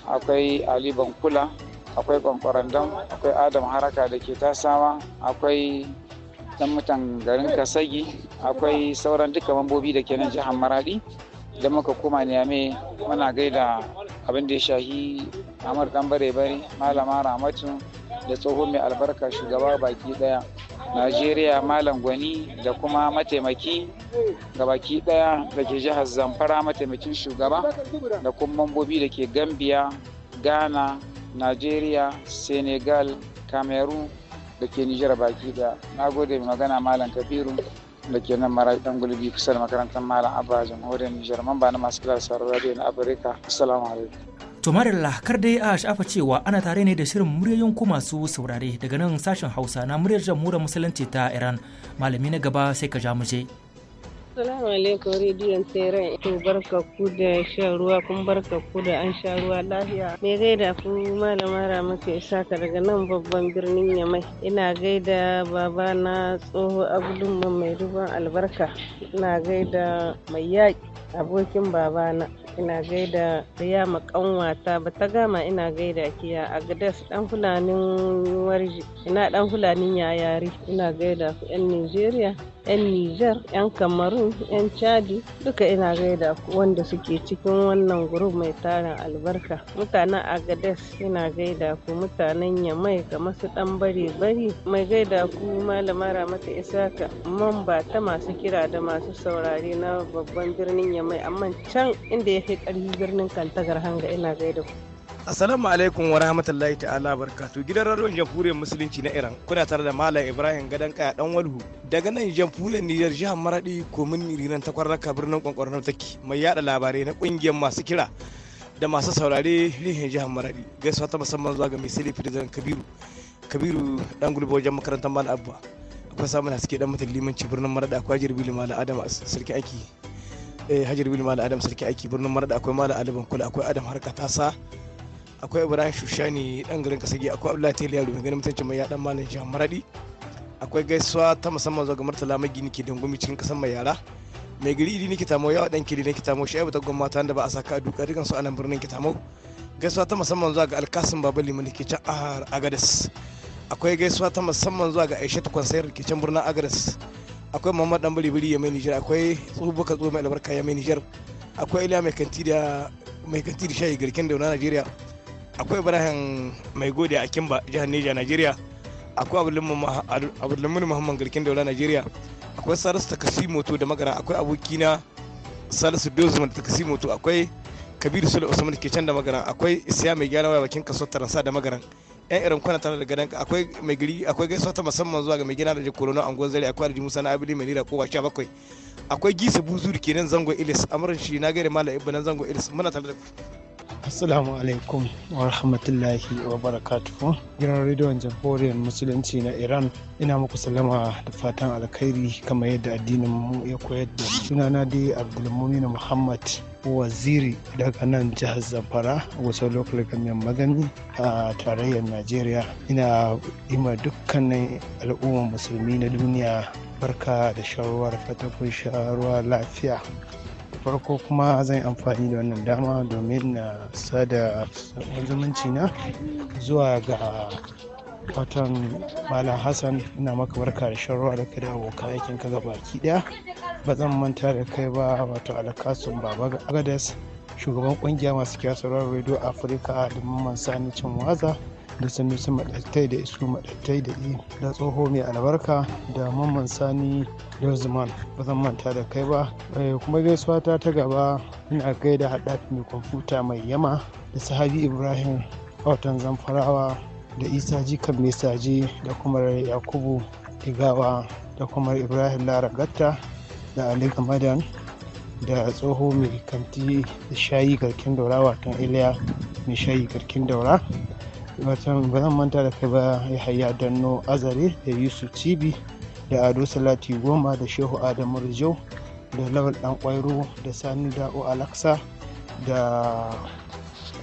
F: akwai aliban kula. akwai kwankwarandam akwai adam haraka da ke tasawa akwai dan mutan garin kasagi akwai sauran duka mambobi da ke nan jihar maradi da muka koma niyame muna gaida abin da ya shahi amur dan bare bare malama ramatu da tsohon mai albarka shugaba baki daya najeriya malam gwani da kuma mataimaki ga baki daya da ke jihar zamfara mataimakin shugaba da kuma mambobi da ke gambiya ghana nigeria senegal cameroon da ke nijar baki da na gode mai magana malam kabiru da ke nan mara dan gulbi kusa da makarantar malam abba jamhuriyar nijar ba na masu kula da sauran radio na afirka assalamu alaikum
B: to marilla kar dai a sha'afa cewa ana tare ne da shirin muryoyin ku masu saurare daga nan sashen hausa na muryar jamhuriyar musulunci ta iran malami na gaba sai ka ja mu je.
D: Assalamu alaikum rediyon tseren to barka ku da shan ruwa kun barka ku da an sha ruwa lafiya. Me gaida ku malama ke saka? daga nan babban birnin Yamai. Ina gaida baba na tsoho Abdulman mai ruban albarka. Ina gaida mai yaƙi abokin babana. ina gaida ya makanwata ba ta gama ina gaida ki a gadas dan fulanin warji ina dan fulanin yayari ina gaida ku yan nigeria 'yan Nijar, 'yan Cameroon, 'yan Chadi duka ina gaida ku wanda suke cikin wannan gurin mai tarin albarka. Mutanen Agades ina gaida ku mutanen Yamai kamar su ɗan bare bari mai gaida ku malama Ramata Isaka mamba ta masu kira da masu saurare na babban birnin Yamai amma can inda ya fi ƙarfi birnin Kantagar hanga ina gaida ku.
G: Assalamu alaikum wa rahmatullahi ta'ala barkatu gidan radio jamhuriyar musulunci na Iran kuna tare da Malam Ibrahim Gadan Kaya dan Walhu daga nan jamhuriyar Nijar jihar Maradi komin Rinan takwarraka birnin kwankwarnar take mai yada labarai na kungiyar masu kira da masu saurare rihin jihar Maradi gaisuwa ta musamman zuwa ga Misali silifi Kabiru Kabiru dan gulbo wajen makarantar malam Abba akwai samun haske dan mutum limanci birnin Maradi akwai Jirbi Malam Adam sarki aiki eh Hajar Malam Adam sarki aiki birnin Maradi akwai Malam aliban kula akwai Adam harka tasa akwai ibrahim shushani dan garin kasage akwai abdullahi tele yaro mai ganin mutuncin mai yadan malam jihar maradi akwai gaisuwa ta musamman zuwa ga martala magini ke dangumi cikin kasan mai yara mai gari idi ne kitamo yawa dan kiri ne kitamo shi ta gwamnati da ba a saka duka dukan su a nan birnin kitamo gaisuwa ta musamman zuwa ga alkasim babali mai ke can agadas akwai gaisuwa ta musamman zuwa ga aishatu kwansayar ke can birnin agadas akwai muhammad dan biri ya mai nijar akwai tsubuka tsubu mai albarka ya mai nijar akwai iliya mai kanti da mai kanti da shayi garken dauna najeriya akwai ibrahim mai gode a kimba jihar neja nigeria akwai abdulmumin muhammad garkin daula nigeria akwai salisu takasi moto da magana akwai abokina salisu dozman da takasi moto akwai kabiru sule usman ke can da magana akwai isya mai gyara waya bakin kaso taransa da magana yan irin kwana tare da gadanka akwai mai gari akwai gaisuwa ta musamman zuwa ga mai gina da jikoro na angon zari akwai da musa na abili mai nira ko ba sha bakwai akwai gisa buzuri kenan zango ilis amurin shi na gare malam ibn zango ilis muna tare da ku
H: Assalamu alaikum wa rahmatullahi wa barakatuhu. Gidan rediyon jamhuriyar musulunci na Iran ina muku salama da fatan alkhairi kamar yadda addinin mu ya koyar da sunana dai Abdulmumin Muhammad waziri daga nan jihar zamfara wasu local government magani a tarayyar najeriya ina ima dukkanin al'ummar musulmi na duniya barka da shan ruwa da ta kun sha lafiya farko kuma zan amfani da wannan dama domin na sada zumunci na zuwa ga watan malam hassan ina maka barka da shan ruwa da ka da abokan aikin ka baki daya ba zan manta da kai ba wato alakasun baba agadas shugaban kungiya masu kiyasar radio afirka da mamman sani cin waza da sanusi maɗattai da isu maɗattai da yi da tsoho mai albarka da mamman sani lozman ba zan manta da kai ba eh, kuma gaisuwa ta ta gaba ina gaida haɗafi mai kwamfuta mai yama da sahabi ibrahim watan zamfarawa da isa jikan mai da kuma yakubu igawa da kuma ibrahim laragatta da ali gamadan da tsoho mai kanti da shayi garkin daura watan iliya mai shayi garkin daura ba zan manta da kai ba ya yahaya danno azare da yusuf cibi da ado salati goma da shehu adamu rijo da lawal dan kwairo da sani da'o alaksa da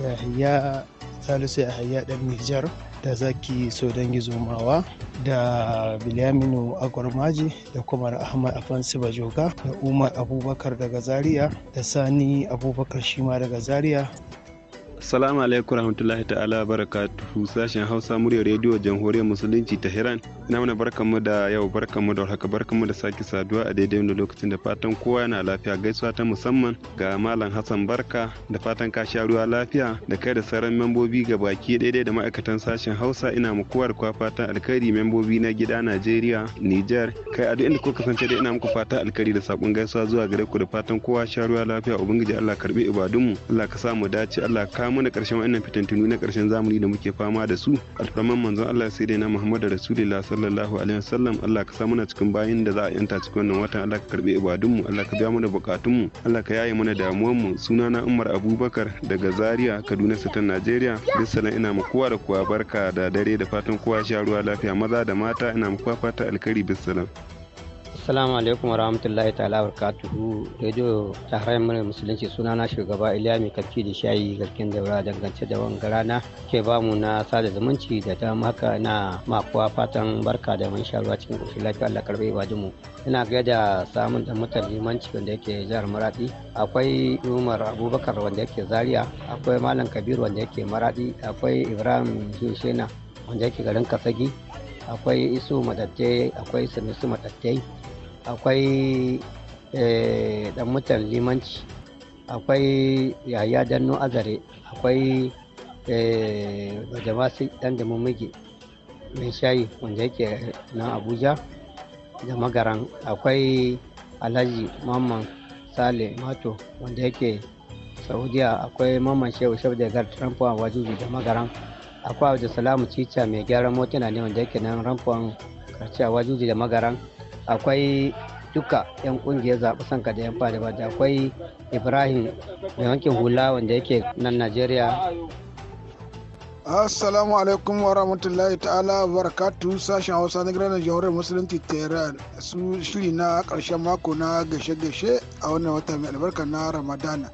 H: yahaya salisu yahaya dan nijar da zaki sodan gizomawa da bilyaminu agwarmaji da kuma ahmad afansu bajoga da umar abubakar daga zaria da sani abubakar shima daga zaria
I: Salamu alaikum rahmatullahi ta'ala barakatuhu sashen Hausa muryar rediyo jamhuriyar musulunci ta Iran. Ina mana mu da yau mu da haka mu da sake saduwa a daidai wani lokacin da fatan kowa yana lafiya gaisuwa ta musamman ga Malam Hassan Barka da fatan ka sha ruwa lafiya da kai da sauran membobi ga baki daidai da ma'aikatan sashen Hausa ina muku kwa fatan alkhairi membobi na gida Najeriya, Niger, kai a duk inda kuka kasance dai ina muku fatan alkhairi da sakon gaisuwa zuwa gare ku da fatan kowa sha ruwa lafiya ubangiji Allah karbi ibadunmu Allah ka sa mu dace Allah ka kawo mana karshen wa'annan fitantunu na karshen zamani da muke fama da su alfarman manzon Allah sai dai na Muhammadu Rasulullah sallallahu alaihi wasallam Allah ka sa mana cikin bayin da za a yanta cikin wannan watan Allah ka karbe ibadun mu Allah ka biya mana bukatun mu Allah ka yaye mana damuwan mu sunana Umar Abubakar daga Zaria Kaduna Sitan Najeriya bissalan ina ma kowa da kowa barka da dare da fatan kowa sha ruwa lafiya maza da mata ina ma kowa fata alkhairi bissalan
J: Assalamu alaikum wa rahmatullahi ta'ala wa katuhu Radio Tahrayin Muryar Musulunci suna na shugaba Iliya mai kafci da shayi garkin daura dangance da wangarana ke bamu na sada zumunci da ta maka na makuwa fatan barka da man sharuwa cikin ƙoshin lafiya Allah karbe ba jimu. Ina gaya da samun da mutan limanci wanda yake jihar Maradi akwai Umar Abubakar wanda yake Zaria akwai Malam Kabir wanda yake Maradi akwai Ibrahim Jushena wanda yake garin Kasagi akwai isu madaddai akwai sanusu madaddai akwai dan eh, mutan limanci akwai yaya danno azare akwai eh, masu dan da mummige mai shayi wanda yake nan abuja da magaran akwai alhaji mamman sale mato wanda yake saudiya akwai mamman shehu shehu da gar tramfuwan wajibi da magaran akwai abu da salamu cica mai gyaran motuna ne wanda yake nan ramfuwan karciya wajibi da magaran akwai duka 'yan kungiyar zaɓi sanka da 'yan fada da akwai ibrahim mai wankin hula wanda yake nan najeriya
K: assalamu alaikum wa rahmatullahi ta'ala barakatu sashen hausa na gidan jamhuriyar musulunci tehran su shiri na karshen mako na gashe-gashe a wannan wata mai albarka na ramadana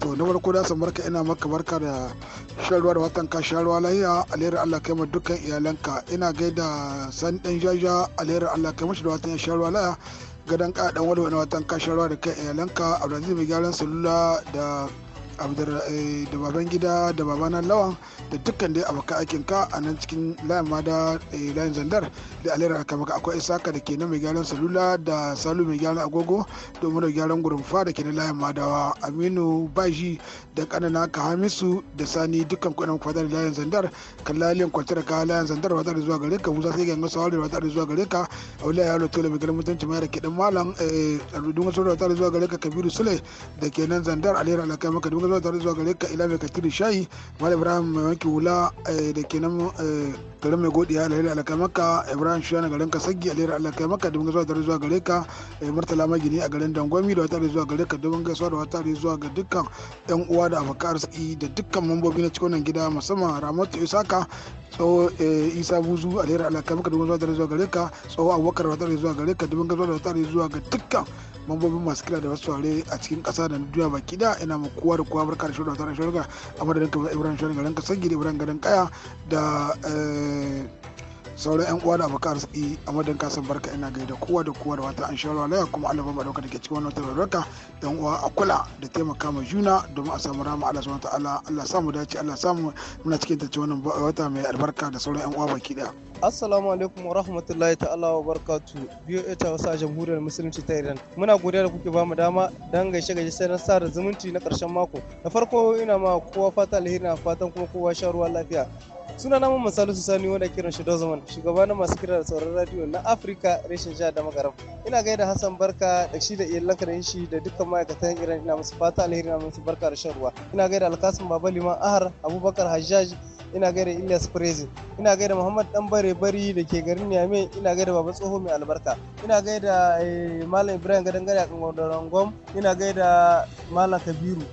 K: to na farko da san barka ina maka barka da shan ruwa da watan ka shan ruwa lahiya alherin Allah kai ma dukkan iyalanka ina gaida san dan jaja alherin Allah kai mashi da watan ya shan ruwa lahiya gadan ka dan wani watan ka shan ruwa da kai iyalanka Abdulaziz mai gyaran salula da Eh, da baban gida da baban lawan da dukkan dai abokan aikin ka a nan cikin layin ma da eh, layin zandar da alera kama maka akwai isaka da ke na mai gyaran salula da salu mai gyaran agogo domin da gyaran gurin fa da ke na layin madawa aminu baji da kanana ka hamisu da sani dukkan kuɗin kwadar layin zandar kan layan kwantar ka layin zandar wata da zuwa gare ka musa sai gangan sawari wata da zuwa gare ka aula ya lo tole mai gyaran mutunci mai da ke dan malam eh, a rudun wasu wata da zuwa gare ka kabiru sule da ke nan zandar alera kama maka gabatar da zuwa gare ka ila mai katiri shayi malam ibrahim mai wanki wula eh, da ke nan tare eh, mai godiya alheri alakai maka ibrahim shiyana garin kasagi a alheri alakai maka domin zuwa tare zuwa gare ka eh, murtala magini a garin dangwami da wata zuwa gare ka domin gaisuwa da wata zuwa ga dukkan yan uwa da abokan arziki da dukkan mambobi na cikin gida musamman ramatu isaka tsawo isa buzu a lera alakai maka domin zuwa tare zuwa gare ka tsawo abubakar wata zuwa gare ka domin gaisuwa da wata zuwa ga dukkan mambobin masu kira da wasu ware a cikin ƙasa da duniya baki da ina ma kowa da kuma barka da shirin da tare shirin a madadin kamar ibrahim shirin garin kasar gidi da ibrahim garin kaya da eh, sauran yan uwa da abokan arziki a madan kasan barka ina gaida kowa da kowa da wata an shawarwa laya kuma Allah ba dauka da ke cikin wannan tarurruka yan uwa a kula da taimaka ma juna domin a samu rama Allah subhanahu ta'ala Allah samu dace Allah samu muna cikin ta wannan wata mai albarka da sauran yan uwa baki daya
L: Assalamu alaikum wa rahmatullahi ta'ala wa barakatu biyo ita wasa jamhuriyar musulunci ta Iran muna godiya da kuke bamu dama dan gaishe gaishe sai na da zumunci na karshen mako na farko ina ma kowa fata alheri na fatan kuma kowa sha ruwa lafiya suna namun misali su sani wanda kiran shi dozaman shugaba na masu kira da sauran radio na afirka reshen jihar da magaram ina gaida hassan barka da shi da iyalanka da shi da dukkan ma'aikatan iran ina musu fata alheri na musu barka da shan ruwa ina gaida alkasim baba liman ahar abubakar hajjaj ina gaida Ilyas Prezi ina gaida Muhammad Dan Bare Bari da ke garin Niamey ina gaida Baba Tsoho mai albarka ina gaida eh, Malam Ibrahim gadangare a a Kangon Ina gaida Malam Kabiru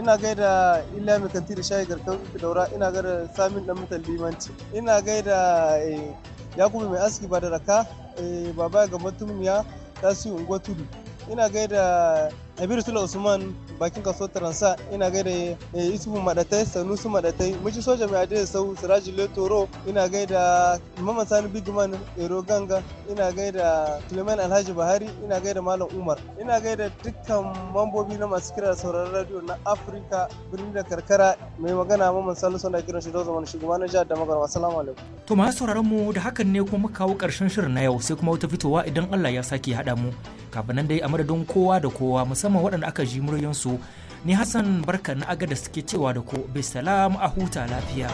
L: ina gaida illa mai kanti da shayi garkan daura ina gaida samin dan mutan limanci ina gaida eh, yakubu mai aski ba da raka eh, baba ga mutumiya tasiri unguwa tudu ina gaida Abir Sula Usman bakin kaso Taransa ina gaida Isufu eh, Madatai sanusu Madatai muci soja mai adai sau Siraji Letoro ina gaida Mama Sani Bigman Ero Ganga ina gaida Suleiman Alhaji buhari ina gaida Malam Umar ina gaida dukkan mambobi na masu kira sauraron radio na Afirka birni da karkara mai magana Mama Salisu suna kiran shi da zaman shugaba na jihar da magarwa salamu alaikum.
B: To masu sauraron mu da hakan ne kuma kawo karshen shirin na yau sai kuma wata fitowa idan Allah ya sake haɗa mu kafin nan dai a madadin kowa da kowa musamman waɗanda aka ji muryansu ni hassan barka na da suke cewa da ku bisalam a huta lafiya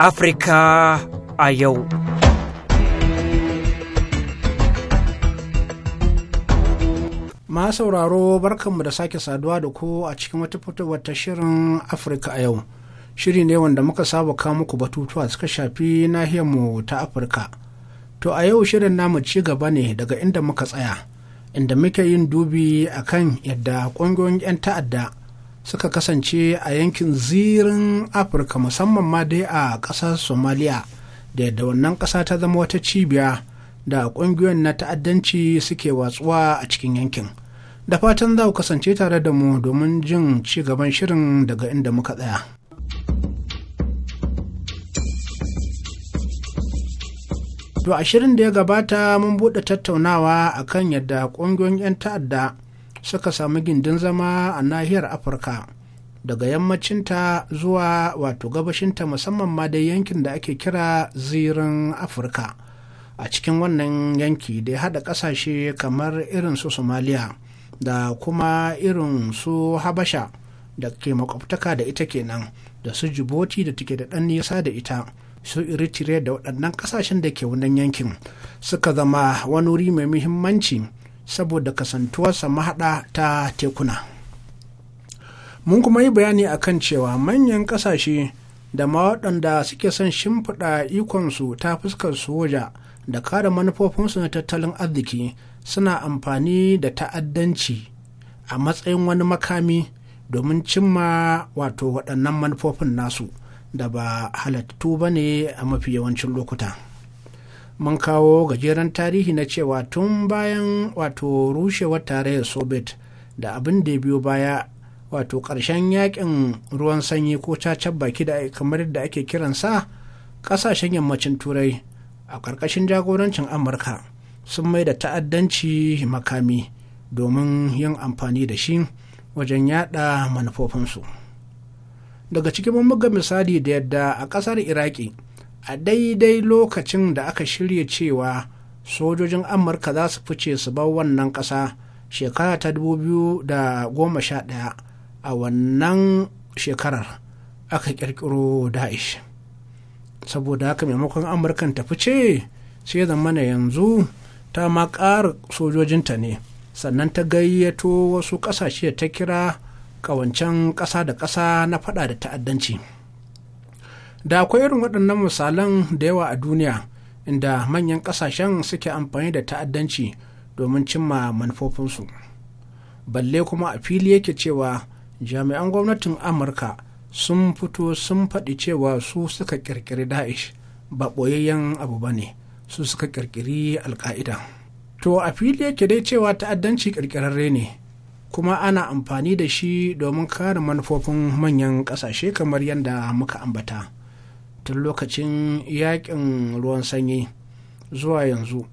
B: Afirka a yau.
M: sauraro barkanmu da sake saduwa da ku a cikin wata fitowar ta shirin Afirka a yau. Shiri ne wanda muka saba kawo muku batutuwa suka shafi nahiyarmu ta Afirka. To a yau shirin namu ci gaba ne daga inda muka tsaya, inda muke yin dubi a kan yadda ƙungiyoyin 'yan ta'adda suka kasance a yankin zirin Afirka musamman ma dai a ƙasar Somaliya da yadda wannan ƙasa ta zama wata cibiya da ƙungiyoyin na ta'addanci suke watsuwa a cikin yankin. da fatan za ku kasance tare da mu domin jin ci gaban shirin daga inda muka tsaya. To a shirin da ya gabata mun buɗe tattaunawa a kan yadda ƙungiyoyin 'yan ta'adda suka samu gindin zama a nahiyar Afirka daga yammacinta zuwa wato gabashinta musamman ma dai yankin da ake kira zirin Afirka a cikin wannan yanki da ya haɗa ƙasashe kamar irin su Somaliya. da kuma irin su habasha da ke makwabtaka da ita kenan da su jiboti da take da ɗan nisa da ita su iritire da waɗannan ƙasashen da ke wannan yankin suka zama wani wuri mai muhimmanci saboda kasantuwarsa mahaɗa ta tekuna mun kuma yi bayani akan cewa manyan ƙasashe da ma waɗanda suke son shimfiɗa ikonsu ta fuskar soja da kare manufofinsu na tattalin arziki suna amfani da ta'addanci a matsayin wani makami domin cimma wato waɗannan manufofin nasu da ba halattu ba ne a mafi yawancin lokuta mun kawo gajeren tarihi na cewa tun bayan wato rushewar tarayyar soviet da abin da biyo baya wato ƙarshen yakin ruwan sanyi ko cacar baki da kamar da ake kiransa ƙasashen yammacin turai a ƙarƙashin jagorancin amurka sun mai da ta'addanci makami domin yin amfani da shi wajen yada manufofinsu daga cikin mummuga misali da yadda a ƙasar iraki a daidai lokacin da aka shirya cewa sojojin amurka za su fice su bar wannan ƙasa shekara ta 2011 a wannan shekarar aka ƙirƙiro daesh saboda haka maimakon amurkan ta fice sai zamana yanzu ta ma ƙara sojojinta ne sannan ta gayyato wasu ƙasashe ta kira ƙawancen ƙasa da ƙasa na faɗa da ta'addanci da akwai irin waɗannan misalan da yawa a duniya inda manyan ƙasashen suke amfani da ta'addanci domin cimma manufofinsu balle kuma a fili yake cewa jami'an gwamnatin amurka sun fito sun faɗi cewa su suka ƙirƙiri da'ish ba ɓoyayyen abu ba ne su suka ƙirƙiri alƙa'ida. to a fili yake dai cewa ta'addanci ƙirƙirarre ne kuma ana amfani da shi domin kare manufofin manyan ƙasashe kamar yadda muka ambata tun lokacin yaƙin ruwan sanyi zuwa yanzu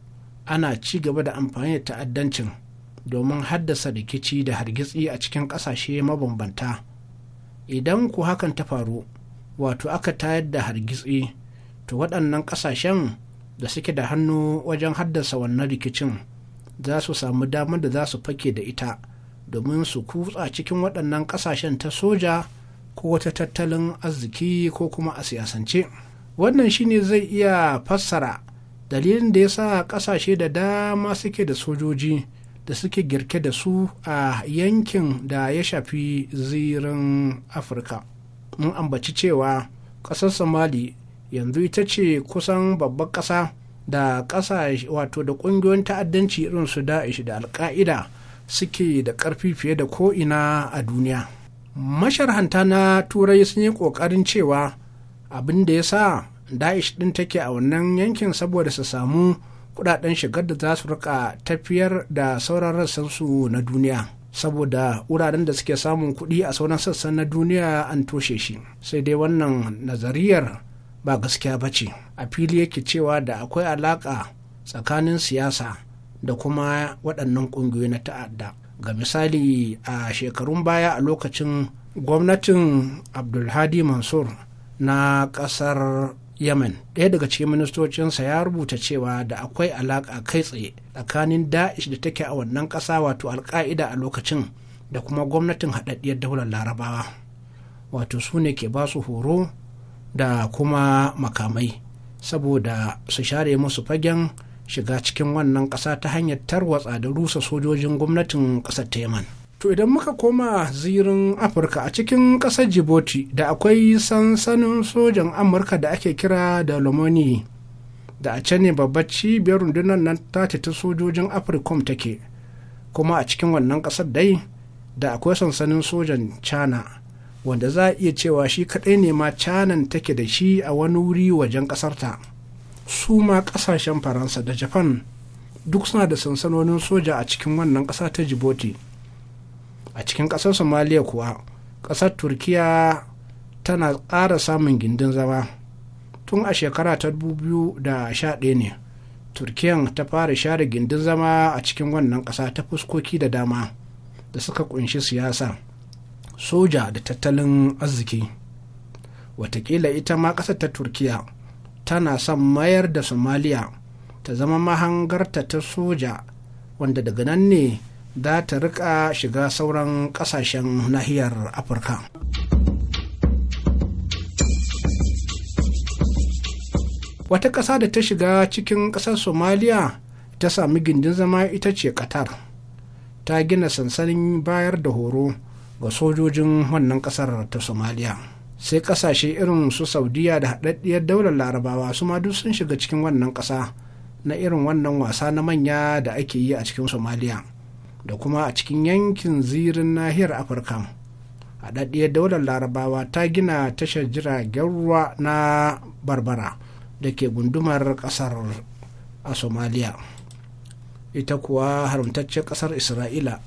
M: ana ci gaba da amfani da ta'addancin domin haddasa rikici da hargitsi a cikin ƙasashe mabambanta idan ku hakan ta faru wato aka tayar da hargitsi to waɗannan ƙasashen da suke da hannu wajen haddasa wannan rikicin za su samu damar da za su fake da ita domin su kutsa cikin waɗannan ƙasashen ta soja ko wata tattalin arziki ko kuma a siyasance wannan shine zai iya fassara dalilin da ya sa ƙasashe da dama suke da sojoji da suke girke da su a yankin da ya shafi zirin afirka mun ambaci cewa ƙasar somali yanzu ita ce kusan babbar ƙasa da ƙasa wato da ƙungiyoyin ta'addanci irin su da'ish da alka'ida suke da ƙarfi fiye da ko'ina a duniya masharhanta na turai sun yi ƙoƙarin cewa abin da ya sa da'ish ɗin take a wannan yankin saboda su samu kudaden shigar da za su rika tafiyar da sauran rassansu na duniya saboda wuraren da suke samun kuɗi a sauran sassan na duniya an toshe shi sai dai wannan nazariyar ba gaskiya ba ce a fili yake cewa da akwai alaƙa tsakanin siyasa da kuma waɗannan ƙungiyoyi na ta'adda ga misali a shekarun baya a lokacin gwamnatin abdulhadi mansur na ƙasar yemen ɗaya daga cikin ministocinsa ya rubuta cewa da akwai alaƙa kai tsaye tsakanin da'ish da take a wannan ƙasa wato alƙa'ida a lokacin da kuma gwamnatin haɗaɗɗiyar daular larabawa wato su ne ke basu horo da kuma makamai saboda su share musu fagen shiga cikin wannan ƙasa ta hanyar tarwatsa da rusa sojojin gwamnatin ƙasar ta yaman To idan muka koma zirin Afirka a cikin ƙasar Djibouti da akwai sansanin sojan Amurka da ake kira da Lomoni da a can ne babbar cibiyar rundunar nan ta ta sojojin Afirkom take kuma a cikin wannan ƙasar dai da akwai sansanin sojan China, wanda za a iya cewa shi kaɗai ne ma Canan take da shi a wani wuri wajen ƙasarta. Su ma ƙasashen Faransa da Japan duk suna da sansanonin soja a cikin wannan ƙasa ta Djibouti. a cikin ƙasar somaliya kuwa ƙasar turkiya tana ƙara samun gindin zama tun a shekara ta 2011 ne turkiyan ta fara share gindin zama a cikin wannan ƙasa ta fuskoki da dama da suka kunshi siyasa soja da tattalin arziki watakila ita ma ƙasar ta turkiya tana son mayar da somaliya ta zama mahangarta ta soja wanda daga nan ne za ta rika shiga sauran kasashen nahiyar afirka wata ƙasa da ta shiga cikin ƙasar somaliya ta sami gindin zama ita ce qatar ta gina sansanin bayar da horo ga sojojin wannan ƙasar ta somaliya sai ƙasashe irin su saudiya da haɗaɗɗiyar daular larabawa su ma duk sun shiga cikin wannan ƙasa na irin wannan wasa na manya da ake yi a cikin somaliya da kuma a cikin yankin zirin nahiyar afirka A haɗaɗɗiyar daular larabawa ta gina tashar jiragen ruwa na barbara da ke gundumar ƙasar a somaliya ita kuwa haramtaccen ƙasar isra'ila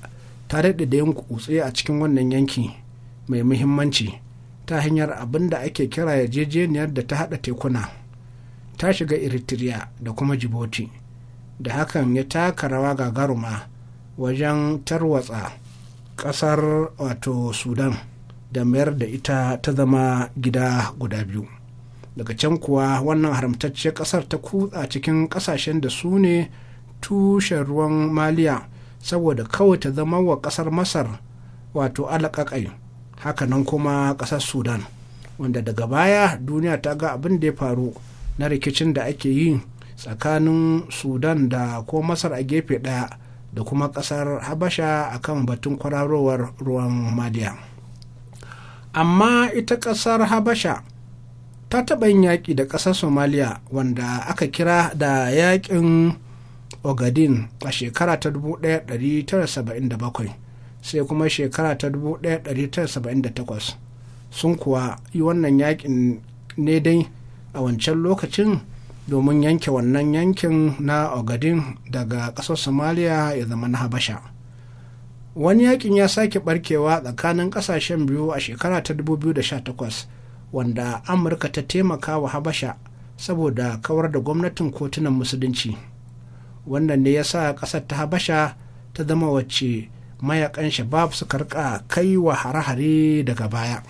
M: ta daɗe da yin kutse a cikin wannan yanki mai muhimmanci ta hanyar abin da ake kira yarjejeniyar da ta haɗa tekuna ta shiga eritrea da kuma djibouti da hakan ya taka rawa gagaruma wajen tarwatsa ƙasar wato sudan da mayar da ita ta zama gida guda biyu daga can kuwa wannan haramtaccen ƙasar ta kutsa cikin ƙasashen da su ne tushen ruwan maliya saboda kawai ta zama wa ƙasar masar wato alaƙaƙai hakanan kuma ƙasar sudan wanda daga baya duniya ta ga abin da ya faru na rikicin da ake yi tsakanin sudan da ko masar a gefe ɗaya da kuma kasar habasha a kan batun kwararowar ruwan maliya amma ita kasar habasha ta taɓa yin yaƙi da ƙasar somaliya wanda aka kira da yaƙin ogadin a shekara ta 1977 sai kuma shekara ta 1978 sun kuwa yi wannan yaƙin ne dai a wancan lokacin domin yanke wannan yankin na ogadin daga ƙasar somalia ya zama na habasha wani yakin ya sake barkewa tsakanin ƙasashen biyu a shekara ta 2018 wanda amurka ta taimaka wa habasha saboda kawar da gwamnatin kotunan musulunci wannan ne ya sa ƙasar ta habasha ta zama wacce mayakan shabab suka rika kai wa hare-hare daga baya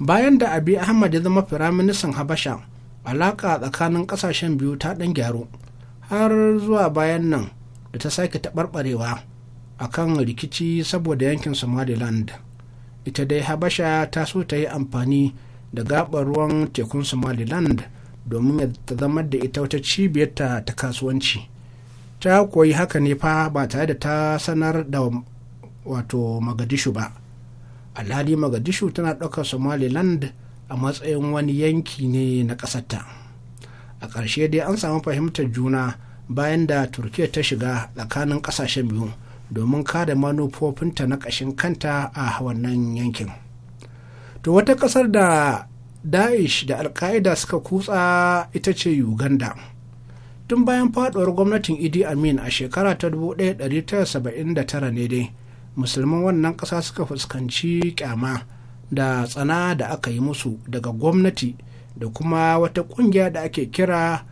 M: bayan da abi ahmad ya zama firaministan habasha alaka tsakanin kasashen biyu ta dan gyaru har zuwa bayan nan da ta sake taɓarɓarewa a kan rikici saboda yankin somaliland ita dai habasha ta so ta yi amfani da gabar ruwan tekun somaliland domin ta zama da ita wata cibiyarta ta kasuwanci ta koyi haka ne fa ba tare da ta sanar da wato magadishu ba alhali magadishu tana ɗaukar somaliland a matsayin wani yanki ne na ƙasarta a ƙarshe dai an samu fahimtar juna bayan da turkiya ta shiga tsakanin ƙasashen biyu domin kada manufofinta na ƙashin kanta a wannan yankin to wata ƙasar da daesh da alka'ida suka kutsa ita ce uganda tun bayan faɗuwar gwamnatin idi amin a shekara ta 1979 ne dai musulman wannan ƙasa suka fuskanci kyama da tsana da aka yi musu daga gwamnati da kuma wata kungiya da ake kira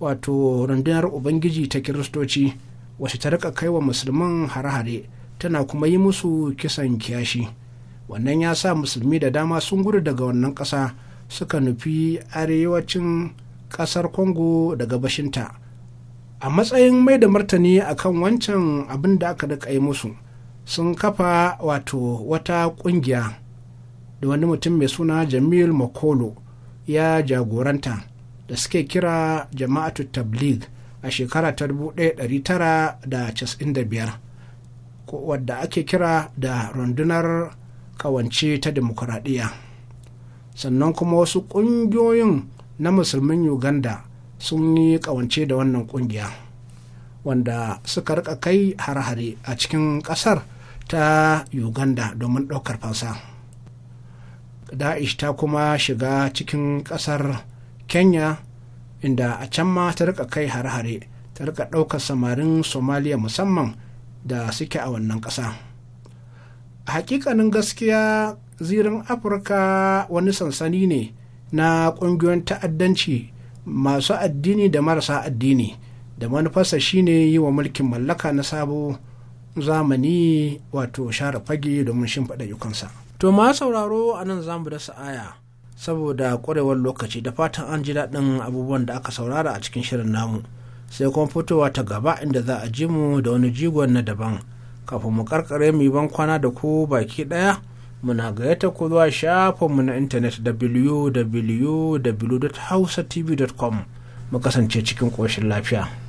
M: wato rundunar ubangiji ta kiristoci wacce ta rika kai wa musulman hare-hare tana kuma yi musu kisan kiyashi wannan ya sa musulmi da dama sun gudu daga wannan ƙasa suka nufi arewacin ƙasar congo da gabashinta a matsayin mai da martani a kan wancan abin da aka rika yi musu sun kafa wato wata ƙungiya da wani mutum mai suna jamil makolo ya jagoranta da suke kira jama'atu tablig a shekara ta 1995 wadda ake kira da rundunar kawance ta demokuraɗiyya sannan kuma wasu ƙungiyoyin na musulmin uganda sun yi kawance da wannan ƙungiya wanda suka rika kai har-hare a cikin ƙasar ta uganda domin ɗaukar fansa. da'ish ta kuma shiga cikin ƙasar kenya inda a can ma ta rika kai hare-hare ta rika ɗaukar samarin somaliya musamman da suke a wannan ƙasa a hakikanin gaskiya zirin afirka wani sansani ne na ƙungiyoyin ta'addanci masu addini da marasa addini da manufarsa shine yi wa mulkin mallaka na sabo zamani wato share fage domin shimfiɗa yukansa. to ma sauraro a nan za mu dasa aya saboda ƙwarewar lokaci da fatan an ji daɗin abubuwan da aka saurara a cikin shirin namu sai kuma fitowa ta gaba inda za a ji mu da wani jigon na daban kafin mu karkare mu ban kwana da ku baki ɗaya muna gayyata ku zuwa shafin mu na intanet www.hausatv.com mu kasance cikin ƙoshin lafiya.